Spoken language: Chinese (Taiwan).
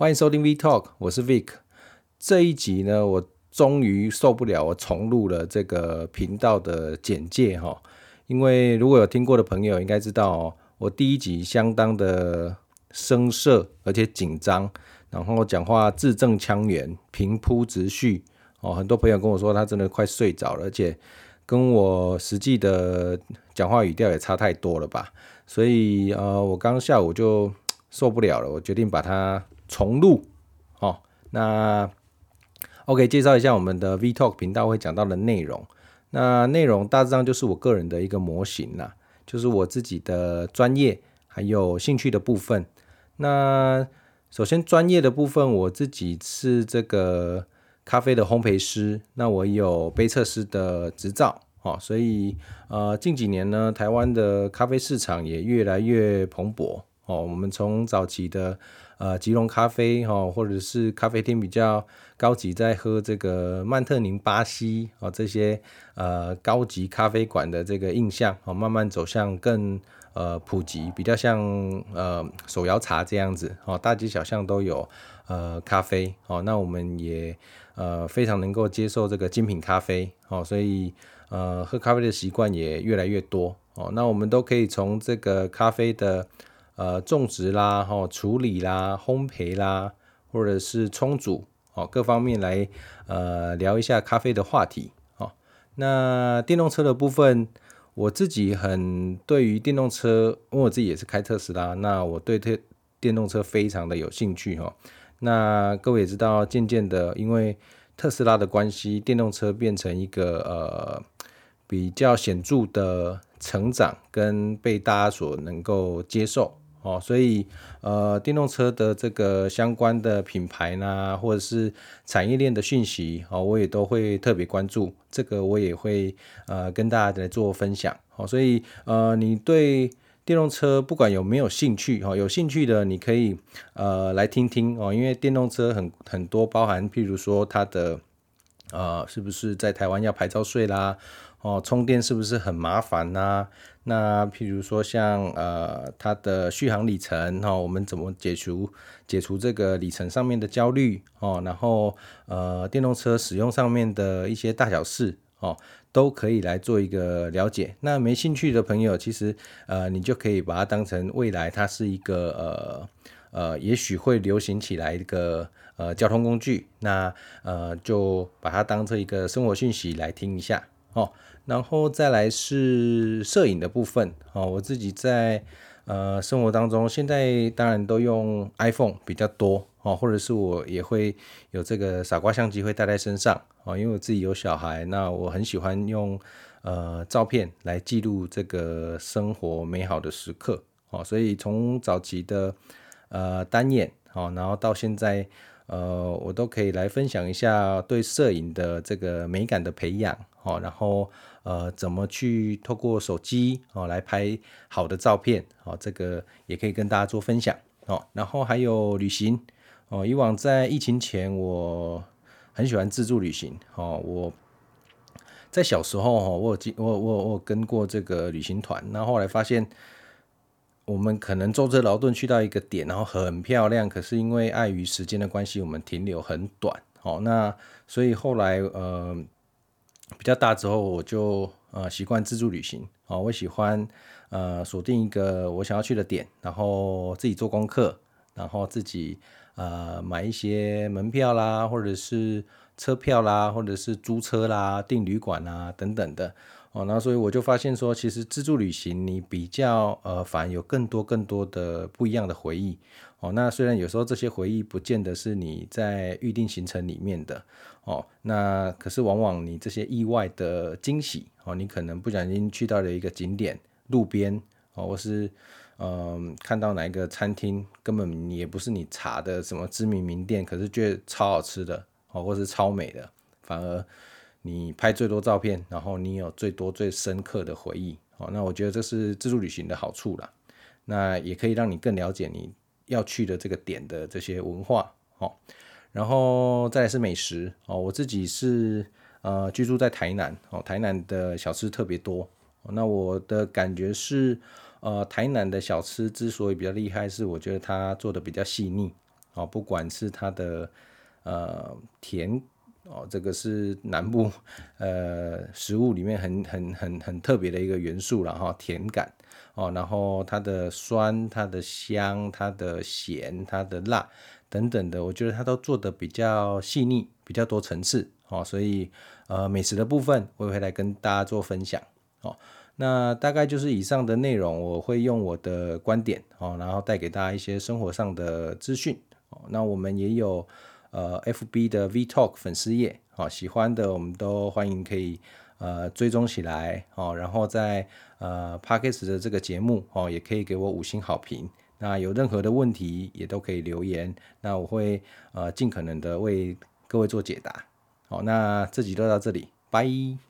歡迎收聽 V Talk，我是 Vic。這一集呢，我終於受不了，我重錄了這個頻道的簡介哈、哦。因為如果有聽過的朋友應該知道、哦、我第一集相當的生澀，而且緊張，然後講話字正腔圓、平鋪直敘哦。很多朋友跟我說他真的快睡着了，而且跟我實際的講話語調也差太多了吧。所以呃，我剛下午就受不了了，我決定把它。重錄，好、哦，那 OK，介紹一下我們的 V Talk 頻道會講到的內容。那內容大致上就是我個人的一個模型啦、啊，就是我自己的專業還有興趣的部分。那首先專業的部分，我自己是這個咖啡的烘焙師，那我有杯測師的執照，哦，所以呃，近幾年呢，台灣的咖啡市場也越來越蓬勃，哦，我們從早期的呃，吉隆咖啡哈，或者是咖啡廳比較高級，在喝這個曼特寧巴西啊，哦，這些呃高級咖啡館的這個印象哦，慢慢走向更呃普及，比較像呃手搖茶這樣子哦，大街小巷都有呃咖啡哦，那我們也呃非常能夠接受這個精品咖啡哦，所以呃喝咖啡的習慣也越來越多哦，那我們都可以從這個咖啡的。呃，種植啦，吼，處理啦，烘焙啦，或者是沖煮哦，各方面來，呃，聊一下咖啡的話題，哦。那電動車的部分，我自己很對於電動車，因為我自己也是開特斯拉，那我對電電動車非常的有興趣，吼、哦。那各位也知道，漸漸的，因為特斯拉的關係，電動車變成一個呃比較顯著的成長跟被大家所能夠接受。哦，所以呃，電動車的這個相關的品牌呢，或者是產業鏈的訊息，哦，我也都會特別關注。這個我也會呃跟大家來做分享。哦，所以呃，你對電動車不管有沒有興趣，哦，有興趣的你可以呃來聽聽哦，因為電動車很很多包含，譬如說它的呃是不是在台灣要牌照稅啦。哦，充電是不是很麻煩吶、啊？那譬如說像呃，它的續航里程，哈、哦，我們怎麼解除解除這個里程上面的焦慮？哦，然後呃，電動車使用上面的一些大小事，哦，都可以來做一個了解。那沒興趣的朋友，其實呃，你就可以把它當成未來，它是一個呃呃，也許會流行起來一個呃交通工具。那呃，就把它當成一個生活訊息來聽一下。哦，然後再來是攝影的部分哦。我自己在呃生活當中，現在當然都用 iPhone 比較多哦，或者是我也會有這個傻瓜相機會帶在身上哦，因為我自己有小孩，那我很喜歡用呃照片來記錄這個生活美好的時刻哦，所以從早期的呃單眼哦，然後到現在。呃，我都可以來分享一下對攝影的這個美感的培養好、哦，然後呃，怎麼去透過手機哦來拍好的照片好、哦，這個也可以跟大家做分享哦，然後還有旅行哦，以往在疫情前我很喜歡自助旅行哦，我在小時候哈，我有我我有我有跟過這個旅行團，那後，後來發現。我們可能舟車勞頓去到一個點，然後很漂亮，可是因為礙於時間的關係，我們停留很短。好，那所以後來呃比較大之後，我就呃習慣自助旅行。好，我喜歡呃鎖定一個我想要去的點，然後自己做功課，然後自己呃買一些門票啦，或者是車票啦，或者是租車啦，訂旅館啊等等的。哦，那所以我就發現說，其實自助旅行你比較呃，反而有更多更多的不一樣的回憶。哦，那雖然有時候這些回憶不見得是你在預定行程裡面的，哦，那可是往往你這些意外的驚喜，哦，你可能不小心去到了一個景點路邊，哦，或是嗯、呃，看到哪一個餐廳根本你也不是你查的什麼知名名店，可是卻超好吃的，哦，或是超美的，反而。你拍最多照片，然後你有最多最深刻的回憶哦。那我覺得這是自助旅行的好處啦。那也可以讓你更了解你要去的這個點的這些文化哦。然後再來是美食哦。我自己是呃居住在台南哦，台南的小吃特別多。那我的感覺是呃台南的小吃之所以比較厲害，是我覺得它做的比較細膩哦，不管是它的呃甜。哦，這個是南部呃食物裡面很很很很特別的一個元素了哈，甜感哦，然後它的酸、它的香、它的鹹、它的辣等等的，我覺得它都做得比較細膩、比較多層次哦，所以呃美食的部分我也會來跟大家做分享哦。那大概就是以上的內容，我會用我的觀點哦，然後帶給大家一些生活上的資訊哦。那我們也有。呃，FB 的 V Talk 粉絲頁，好、哦、喜歡的我們都歡迎可以呃追蹤起來，哦，然後在呃 Podcast 的這個節目，哦，也可以給我五星好評。那有任何的問題也都可以留言，那我會呃盡可能的為各位做解答。好、哦，那這集就到這裡，拜。